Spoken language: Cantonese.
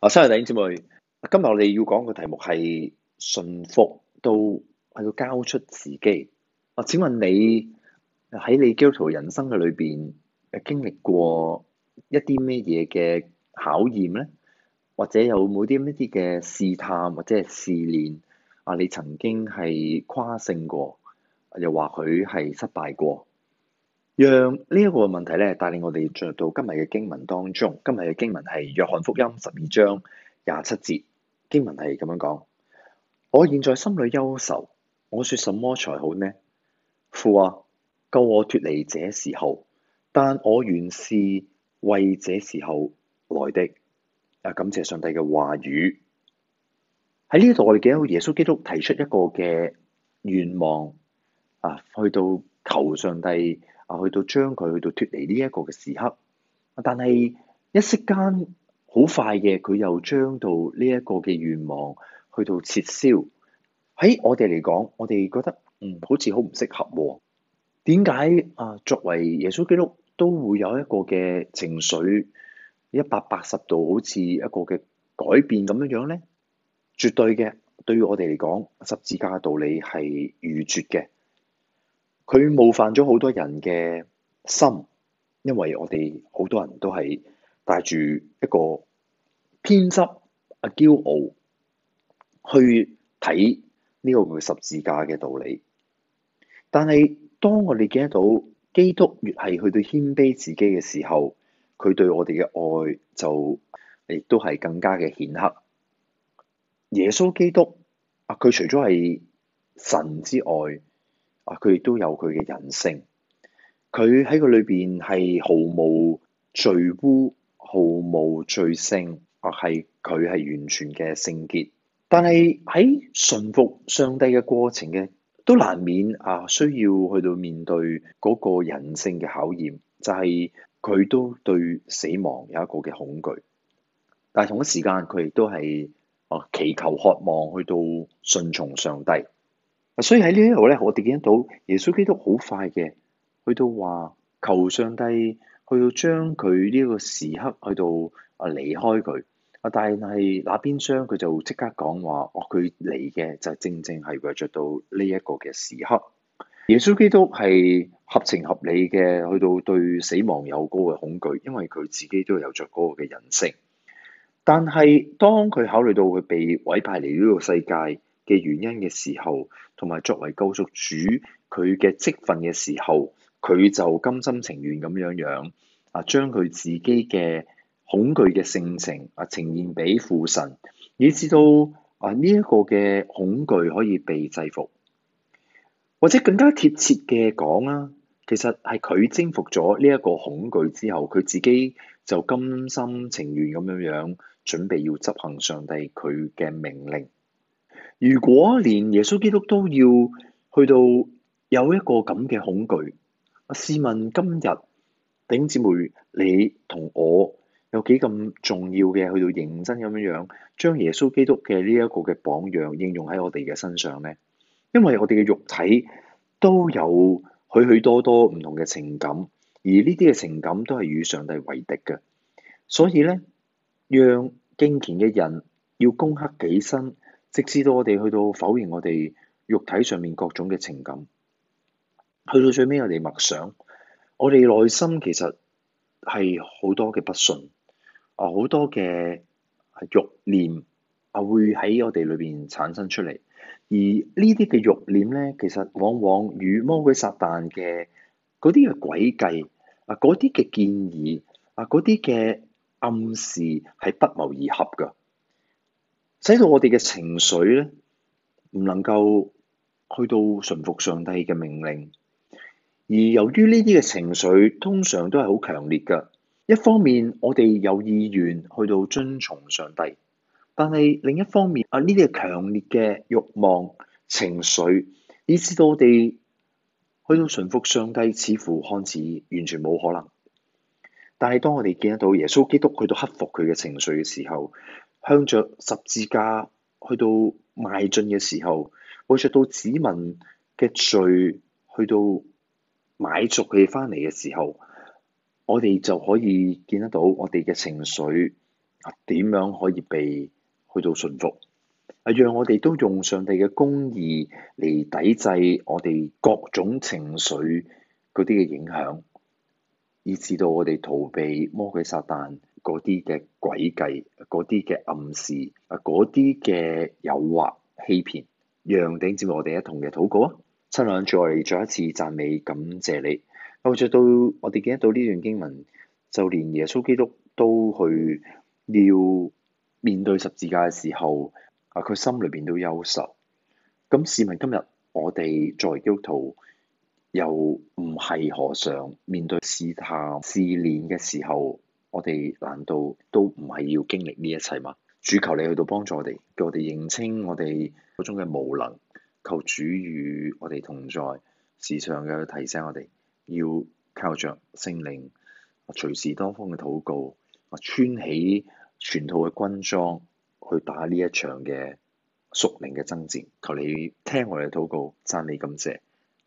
啊，三位弟兄姊妹，今日我哋要講嘅題目係順服到係到交出自己。啊，請問你喺你基 e r 人生嘅裏邊，誒經歷過一啲咩嘢嘅考驗咧？或者有冇啲咩啲嘅試探或者試煉？啊，你曾經係跨性過，又或許係失敗過？讓呢一個問題咧，帶領我哋進入到今日嘅經文當中。今日嘅經文係《約翰福音》十二章廿七節，經文係咁樣講：我現在心裏憂愁，我說什麼才好呢？父啊，救我脱離這時候，但我原是為這時候來的。啊，感謝上帝嘅話語喺呢度，我哋見到耶穌基督提出一個嘅願望啊，去到求上帝。啊，去到將佢去到脫離呢一個嘅時刻，但係一息間好快嘅，佢又將到呢一個嘅願望去到撤銷。喺我哋嚟講，我哋覺得嗯，好似好唔適合喎、啊。點解啊？作為耶穌基督都會有一個嘅情緒一百八十度，好似一個嘅改變咁樣樣咧？絕對嘅，對於我哋嚟講，十字架嘅道理係愚拙嘅。佢冒犯咗好多人嘅心，因為我哋好多人都係帶住一個偏執啊驕傲去睇呢個十字架嘅道理。但係當我哋見得到基督越係去到謙卑自己嘅時候，佢對我哋嘅愛就亦都係更加嘅顯赫。耶穌基督啊，佢除咗係神之外。啊！佢亦都有佢嘅人性，佢喺佢裏邊係毫無罪污、毫無罪性，啊，係佢係完全嘅聖潔。但係喺順服上帝嘅過程嘅，都難免啊，需要去到面對嗰個人性嘅考驗，就係、是、佢都對死亡有一個嘅恐懼。但係同一時間、啊，佢亦都係啊祈求、渴望去到順從上帝。所以喺呢度咧，我哋見到耶穌基督好快嘅，去到話求上帝去到將佢呢個時刻去到啊離開佢啊，但係那邊廂佢就即刻講話：哦，佢嚟嘅，就是正正係為著到呢一個嘅時刻。耶穌基督係合情合理嘅，去到對死亡有高嘅恐懼，因為佢自己都有着嗰個嘅人性。但係當佢考慮到佢被委派嚟呢個世界嘅原因嘅時候，同埋作為救贖主，佢嘅職份嘅時候，佢就甘心情願咁樣樣，啊，將佢自己嘅恐懼嘅性情啊呈現俾父神，以至到啊呢一個嘅恐懼可以被制服，或者更加貼切嘅講啦，其實係佢征服咗呢一個恐懼之後，佢自己就甘心情願咁樣樣，準備要執行上帝佢嘅命令。如果連耶穌基督都要去到有一個咁嘅恐懼，試問今日頂姊妹，你同我有幾咁重要嘅去到認真咁樣樣，將耶穌基督嘅呢一個嘅榜樣應用喺我哋嘅身上呢？因為我哋嘅肉體都有許許多多唔同嘅情感，而呢啲嘅情感都係與上帝為敵嘅，所以呢，讓敬虔嘅人要攻克己身。直至到我哋去到否認我哋肉體上面各種嘅情感，去到最尾我哋默想，我哋內心其實係好多嘅不信，啊，好多嘅係慾念啊，會喺我哋裏邊產生出嚟，而肉呢啲嘅慾念咧，其實往往與魔鬼撒旦嘅嗰啲嘅詭計啊、嗰啲嘅建議啊、嗰啲嘅暗示係不謀而合㗎。使到我哋嘅情緒咧，唔能夠去到順服上帝嘅命令。而由於呢啲嘅情緒通常都係好強烈嘅，一方面我哋有意願去到遵從上帝，但係另一方面，啊，呢啲嘅強烈嘅欲望情緒，以至到我哋去到順服上帝，似乎看似完全冇可能。但係當我哋見得到耶穌基督去到克服佢嘅情緒嘅時候，向着十字架去到邁進嘅時候，或者到子民嘅罪去到買贖佢哋翻嚟嘅時候，我哋就可以見得到我哋嘅情緒點樣可以被去到順服，啊，讓我哋都用上帝嘅公義嚟抵制我哋各種情緒嗰啲嘅影響。以至到我哋逃避魔鬼撒旦嗰啲嘅詭計、嗰啲嘅暗示、啊嗰啲嘅誘惑、欺騙，讓頂接我哋一同嘅禱告啊！親們，再再一次讚美感謝你。我着到我哋記得到呢段經文，就連耶穌基督都去要面對十字架嘅時候，啊佢心裏邊都憂愁。咁，市民今日我哋作為基督徒。又唔係何嘗面對試探試煉嘅時候，我哋難道都唔係要經歷呢一切嗎？主求你去到幫助我哋，叫我哋認清我哋嗰種嘅無能，求主與我哋同在，時常嘅提醒我哋要靠着聖靈，隨時多方嘅禱告，啊穿起全套嘅軍裝去打呢一場嘅屬靈嘅爭戰，求你聽我哋嘅禱告，讚你感謝。